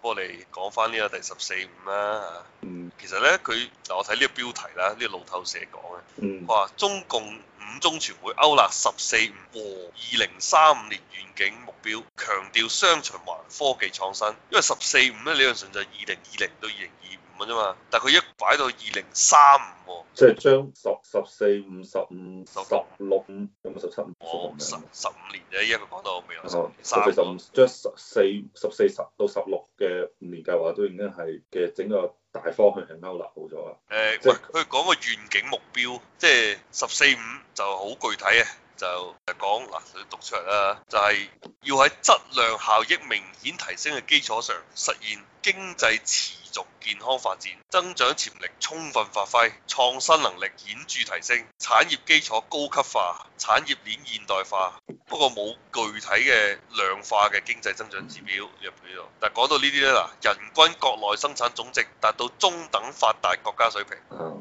過嚟講翻呢個第十四五啦嚇，其實呢，佢嗱我睇呢個標題啦，呢個路透社講嘅，佢話中共五中全會勾勒十四五和二零三五年遠景目標，強調雙循環科技創新，因為十四五呢理論上就係二零二零到二零二五。啫嘛，但係佢一擺到二零三五喎，即係、嗯、年將十十四、五十五、十六五，有冇十七五咁樣？十十五年啫，因為講到未來十三，十四十五將十四十四十到十六嘅五年計劃都已經係嘅整個大方向係勾勒好咗。誒、就是呃，喂，佢講個願景目標，即係十四五就好、是、具體啊，就講嗱，你、呃、讀出嚟啦，就係、是、要喺質量效益明顯提升嘅基礎上實現。經濟持續健康發展，增長潛力充分發揮，創新能力顯著提升，產業基礎高級化，產業鏈現代化。不過冇具體嘅量化嘅經濟增長指標入到度。但係講到呢啲咧，人均國內生產總值達到中等發達國家水平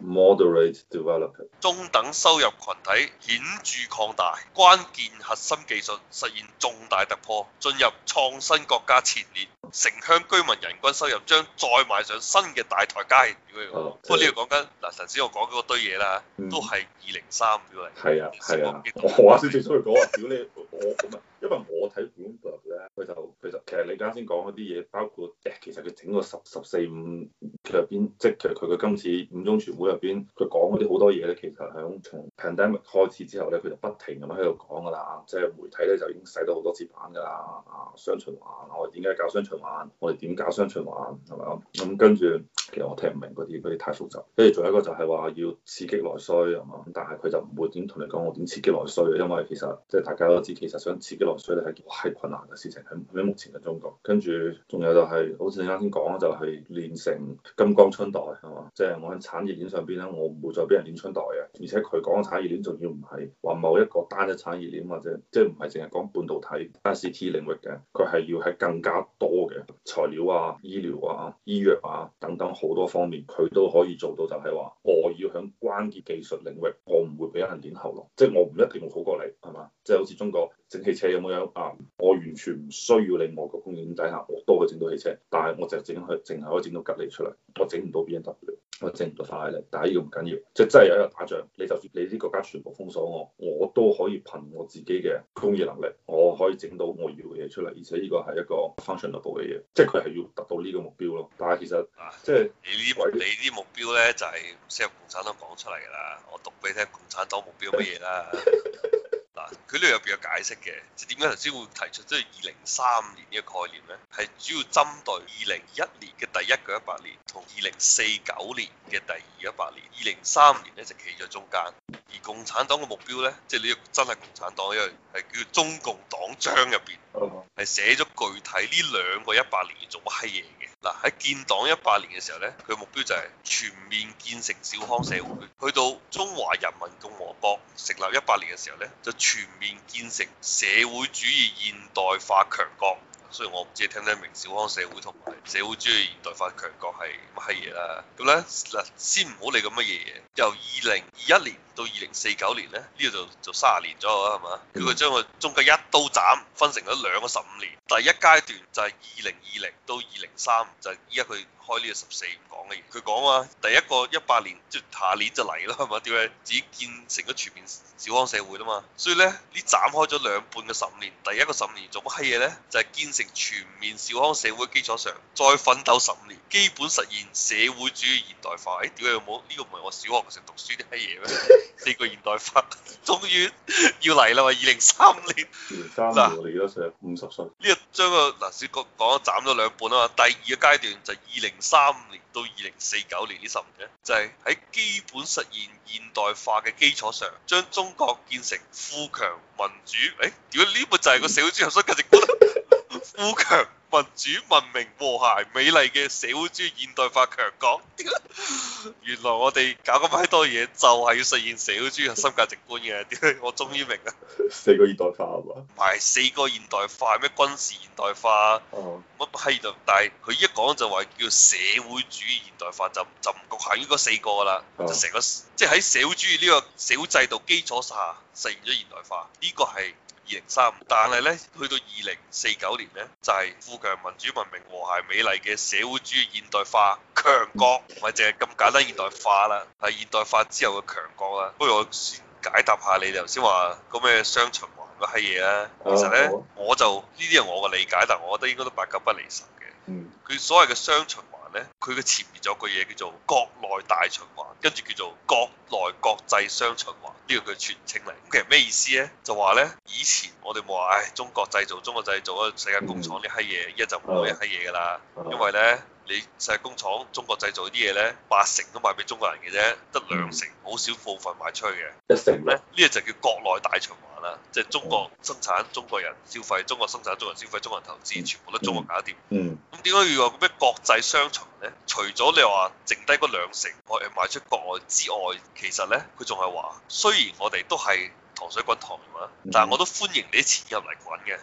，moderate development。中等收入群體顯著擴大，關鍵核心技術實現重大突破，進入創新國家前列。城鄉居民人均收入將再邁上新嘅大台階。不過呢個講緊嗱，頭先，就係，我講嗰堆嘢啦，嗯、都係二零三。係啊係啊，我話少少，咗佢講啊。如果你我咁啊，因為我睇 Bloomberg 呢，佢就其實其實你啱先講嗰啲嘢，包括其實佢整個十十四五。入邊即係佢佢今次五中全會入邊，佢講嗰啲好多嘢咧，其實響從 pandemic 開始之後咧，佢就不停咁樣喺度講噶啦，即係媒體咧就已經使到好多次板噶啦。啊，雙循環，我哋點解搞雙循環？我哋點搞雙循環？係咪啊？咁跟住，其實我聽唔明嗰啲，嗰啲太複雜。跟住仲有一個就係話要刺激內需，係咪？但係佢就唔會點同你講我點刺激內需，因為其實即係大家都知，其實想刺激內需咧係極係困難嘅事情喺喺目前嘅中國。跟住仲有就係好似你啱先講就係練成。金剛春袋係嘛？即係、就是、我喺產業鏈上邊咧，我唔會再俾人捏春袋嘅。而且佢講嘅產業鏈仲要唔係話某一個單一產業鏈，或者即係唔係淨係講半導體、ICT 領域嘅，佢係要喺更加多嘅材料啊、醫療啊、醫藥啊等等好多方面，佢都可以做到就。就係話我要喺關鍵技術領域，我唔會俾人捏喉嚨。即、就、係、是、我唔一定要好過你，係嘛？即、就、係、是、好似中國整汽車有冇有啊？我完全唔需要你外國工廠底下，我都可以整到汽車，但係我就整係淨係可以整到吉利出嚟。我整唔到 BNW，我整唔到法拉利，但係呢個唔緊要，即係真係有一日打仗，你就算你啲國家全部封鎖我，我都可以憑我自己嘅工業能力，我可以整到我要嘅嘢出嚟，而且呢個係一個 functional 嘅嘢，即係佢係要達到呢個目標咯。但係其實即係、就是、你呢位以你啲目標咧，就係唔適合共產黨講出嚟噶啦，我讀俾你聽共產黨目標乜嘢啦。 佢呢度入邊有解釋嘅，即係點解頭先會提出即係二零三五年呢個概念呢，係主要針對二零一年嘅第一個一百年同二零四九年嘅第二個一百年，二零三五年呢就企咗中間，而共產黨嘅目標呢，即係呢個真係共產黨一樣，係叫中共黨章入邊。係寫咗具體呢兩個一百年做乜嘢嘅。嗱，喺建黨一百年嘅時候呢，佢目標就係全面建成小康社會。去到中華人民共和國成立一百年嘅時候呢，就全面建成社會主義現代化強國。所以我唔知你聽唔聽明小康社會同埋社會主義現代化強國係乜嘢啦。咁呢，嗱，先唔好理咁乜嘢嘢。由二零二一年。到二零四九年咧，呢度就就卅年左右啦，係嘛？佢佢、嗯、將佢中間一刀斬，分成咗兩個十五年。第一階段就係二零二零到二零三五，就係依家佢開呢個十四講嘅嘢。佢講啊，第一個一百年即係、就是、下年就嚟啦，係嘛？點解自己建成咗全面小康社會啦嘛？所以咧，呢斬開咗兩半嘅十五年，第一個十五年做乜閪嘢咧？就係、是、建成全面小康社會。基礎上，再奮鬥十五年，基本實現社會主義現代化。哎、欸，點解又冇？呢個唔係我小學嗰時讀書啲閪嘢咩？ 四個現代化終於要嚟啦嘛！二零三五年二零三五嗱，嚟咗成五十歲，呢個將個嗱先講講斬咗兩半啊嘛！第二個階段就二零三五年到二零四九年呢十年咧，就係、是、喺基本實現現代化嘅基礎上，將中國建成富強民主誒？點解呢個就係個社會主義核心價值觀嘅富強。 民主、文明、和諧美麗嘅社會主義現代化強國。 原來我哋搞咁閪多嘢，就係要實現社會主義核心價值觀嘅。 我終於明啦。四個現代化啊嘛。埋四個現代化，咩軍事現代化？乜咩現代？但係佢一講就話叫社會主義現代化，就就唔侷限於嗰四個啦，uh huh.。就成個即係喺社會主義呢個社會制度基礎下實現咗現代化，呢、這個係。二零三五，但係咧，去到二零四九年咧，就係富強、民主、文明、和諧、美麗嘅社會主義現代化強國，唔係淨係咁簡單現代化啦，係現代化之後嘅強國啦。不如我先解答下你哋頭先話個咩雙循環個閪嘢啊。其實咧，我就呢啲係我嘅理解，但我覺得應該都八九不離十嘅。佢所謂嘅雙循環。佢嘅前面仲有句嘢叫做國內大循環，跟住叫做國內國際雙循環。呢個嘅全稱嚟。咁其實咩意思咧？就話咧，以前我哋冇話唉，中國製造、中國製造啊，世界工廠呢啲嘢，一就唔好嘅啲嘢噶啦，因為咧。你石化工廠中國製造啲嘢呢，八成都賣俾中國人嘅啫，得兩成好少部分賣出去嘅，一成呢，呢個就叫國內大循環啦，即係中國生產，嗯，中國人消費，中國生產中國人消費，中國人投資，全部都中國搞掂。嗯。咁點解要話咩國際雙循環呢？除咗你話剩低嗰兩成我係賣出國外之外，其實呢，佢仲係話，雖然我哋都係糖水滾糖啊，但係我都歡迎你啲錢入嚟滾嘅。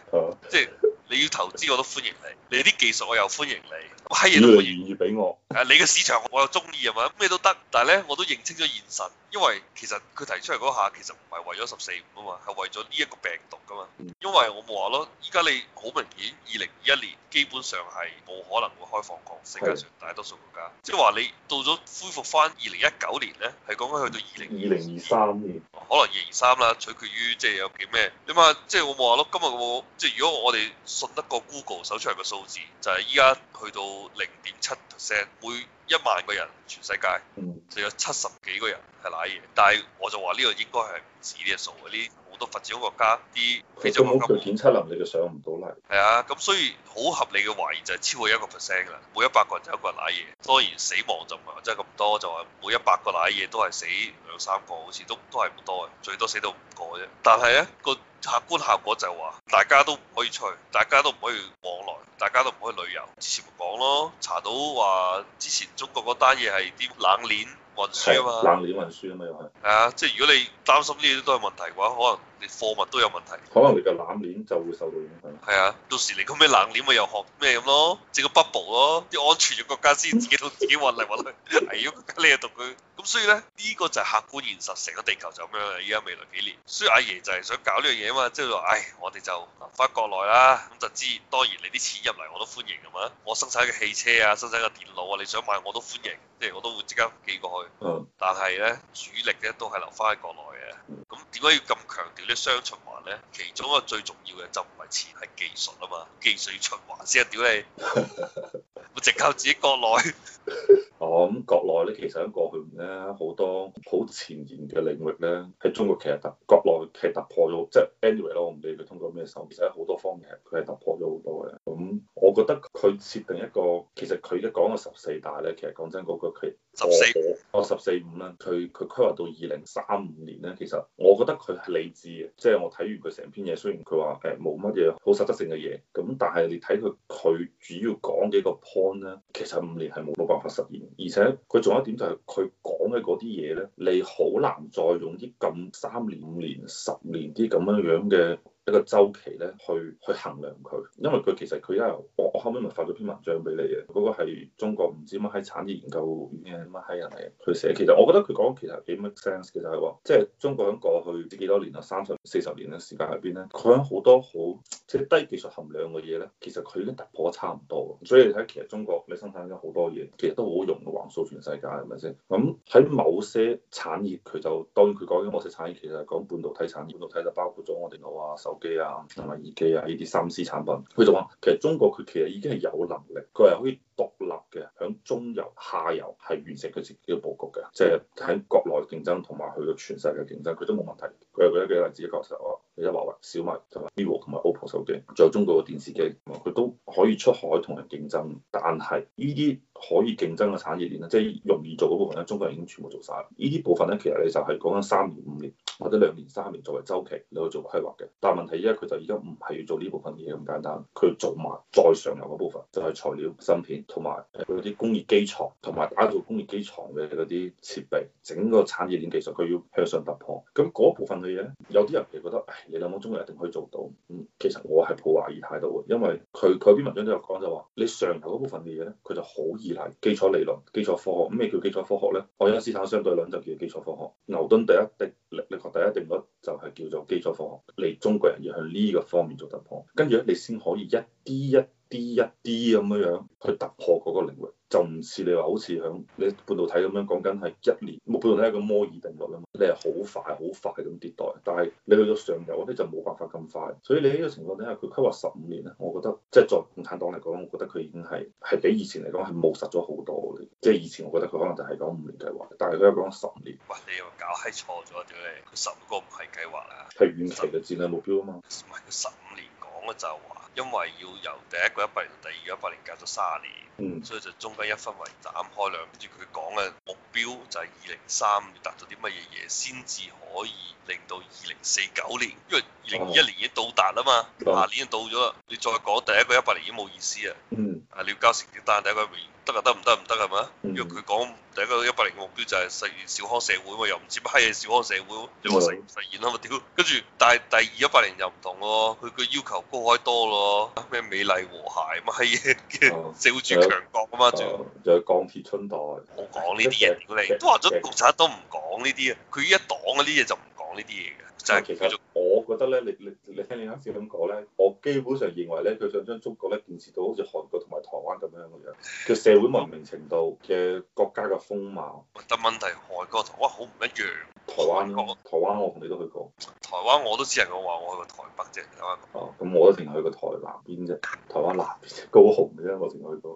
即係。你要投資我都歡迎你，你啲技術我又歡迎你，乜嘢都會願意俾我。誒，你嘅市場我又中意啊嘛，咩都得。但係咧，我都認清咗現實，因為其實佢提出嚟嗰下其實唔係為咗十四五啊嘛，係為咗呢一個病毒㗎嘛。因為我冇話咯，依家你好明顯，二零二一年基本上係冇可能會開放全世界上大多數國家。即係話你到咗恢復返二零一九年咧，係講緊去到二零二三年，可能二零二三啦，取決於即係有幾咩。你啊？即係我冇話咯，今日我即係如果我哋。信得過 Google 搜出嚟嘅數字，就係依家去到零點七 percent，每一萬個人全世界就有七十幾個人係瀨嘢，但係我就話呢個應該係唔止呢個數，呢好多發展中國家啲。咁檢測能力你都上唔到啦。係啊，咁所以好合理嘅懷疑就係超過一個 percent 啦，每一百個人就有一個人瀨嘢。當然死亡就唔係話真係咁多，就話每一百個瀨嘢都係死兩三個，好似都都係唔多嘅，最多死到五個啫。但係咧客觀效果就係話，大家都唔可以出去，大家都唔可以往來，大家都唔可以旅遊。之前咪講咯，查到話之前中國嗰單嘢係啲冷鏈運輸啊嘛，冷鏈運輸啊嘛又係。係啊，即係如果你擔心呢啲都係問題嘅話，可能你貨物都有問題。可能你嘅冷鏈就會受到影響。係啊，到時你緊咩冷鏈咪又學咩咁咯？整個 bubble 咯，啲安全嘅國家先自己同自己運嚟運去，係咯，咩都～咁所以咧，呢個就係客觀現實，成個地球就咁樣啦。依家未來幾年，所以阿爺就係想搞呢樣嘢啊嘛，即係話，唉，我哋就留翻國內啦。咁就知當然你啲錢入嚟我都歡迎咁嘛。我生產嘅汽車啊，生產嘅電腦啊，你想買我都歡迎，即係我都會即刻寄過去。但係呢，主力呢都係留翻喺國內嘅。咁點解要咁強調啲雙循環呢？其中一個最重要嘅就唔係錢，係技術啊嘛。技術要循環先啊！屌你，我 直靠自己國內。 我諗國內咧，其實喺過去咧好多好前沿嘅領域咧，喺中國其實突國內其實突破咗，即係 anyway，我唔理佢通過咩手，其實喺好多方面佢係突破咗好多嘅。咁我覺得佢設定一個，其實佢一講個十四大咧，其實講真嗰個佢。我我十四五啦，佢佢規劃到二零三五年咧，其實我覺得佢係理智嘅，即係我睇完佢成篇嘢，雖然佢話誒冇乜嘢好實質性嘅嘢，咁但係你睇佢佢主要講幾個 point 咧，其實五年係冇冇辦法實現，而且佢仲有一點就係佢講嘅嗰啲嘢咧，你好難再用啲咁三年五年十年啲咁樣樣嘅一個周期咧，去去衡量佢，因為佢其實佢因為我我後尾咪發咗篇文章俾你嘅，嗰、那個係中國唔知乜閪產業研究院乜閪人嚟嘅去寫，其實我覺得佢講其實幾 make sense，其實係話即係中國喺過去唔知幾多年啊三十四十年嘅時間入邊咧，佢喺好多好即係低技術含量嘅嘢咧，其實佢已經突破差唔多，所以你睇其實中國你生產咗好多嘢，其實都好容易橫掃全世界係咪先？咁喺、嗯、某些產業佢就當然佢講緊某些產業，其實講半導體產業，半導體就包括咗我哋嘅話機、e、啊，同埋耳機啊，呢啲三 C 產品，佢就話其實中國佢其實已經係有能力，佢係可以獨立嘅，響中游下游係完成佢自己嘅佈局嘅，即係喺國內競爭同埋去到全世界競爭，佢都冇問題。佢又舉咗幾個例子，確實啊，你睇華為、小米同埋 VIVO 同埋 OPPO 手機，仲有中國嘅電視機，佢都可以出海同人競爭。但係呢啲。可以競爭嘅產業鏈咧，即係容易做嗰部分咧，中國人已經全部做晒啦。依啲部分咧，其實你就係講緊三年、五年或者兩年、三年作為周期，你去做規劃嘅。但係問題依家佢就而家唔係要做呢部分嘢咁簡單，佢要做埋再上游嗰部分，就係材料、芯片同埋誒佢嗰啲工業機牀，同埋打造工業機牀嘅嗰啲設備。整個產業鏈其實佢要向上突破。咁嗰部分嘅嘢咧，有啲人其實覺得誒你諗下中國一定可以做到。嗯，其實我係抱懷疑態度嘅，因為佢佢篇文章都有講就話，你上游嗰部分嘅嘢咧，佢就好。基礎理論、基礎科學。咩叫基礎科學呢？愛 因斯坦相對論就叫基礎科學。牛頓第一定力力學第一定律就係叫做基礎科學。你中國人要向呢個方面做突破，跟住咧，你先可以一啲一。啲一啲咁樣樣去突破嗰個領域，就唔似你話好似響你半導體咁樣講緊係一年，半導體係個摩爾定律啊嘛，你係好快好快咁迭代，但係你去到上游嗰啲就冇辦法咁快，所以你呢個情況底下佢規劃十五年咧，我覺得即係作為共產黨嚟講，我覺得佢已經係係比以前嚟講係務實咗好多，即係以前我覺得佢可能就係講五年計劃，但係佢又講十五年。喂，你又搞係錯咗。屌你，佢十五個唔係計劃啦？係遠期嘅戰略目標啊嘛。唔係佢十五年講嘅就因為要由第一個一百年到第二個一百年隔咗卅年。嗯，所以就中間一分為斬開兩。跟住佢講嘅目標就係二零三五要達到啲乜嘢嘢，先至可以令到二零四九年。因為二零二一年已經到達啊嘛，下年就到咗啦。你再講第一個一百年已經冇意思啊。嗯，你要交成績單，第一個未得啊，得唔得？唔得係咪？如果佢講第一個一百年嘅目標就係實現小康社會，喎，又唔知乜閪嘢小康社會，你話實實現啦嘛屌！跟住但係第二一百年又唔同咯，佢個要求高開多咯，咩美麗和諧乜閪嘢，社會主義強國啊嘛，仲仲有鋼鐵春代。我講呢啲嘢，如果你都話咗，共產黨都唔講呢啲嘅，佢依一黨嗰啲嘢就唔講呢啲嘢嘅，就係叫做。我覺得咧，你你你聽你啱先咁講咧，我基本上認為咧，佢想將中國咧變成好似韓國同埋台灣咁樣嘅樣，嘅社會文明程度嘅國家嘅風貌。但問題韓國同台灣好唔一樣。台灣，台灣我同你都去過。台灣我都只係我話我去過台北啫，台灣。哦、啊，咁我都淨係去過台南邊啫，台灣南邊，高雄嘅啫，我淨係去過。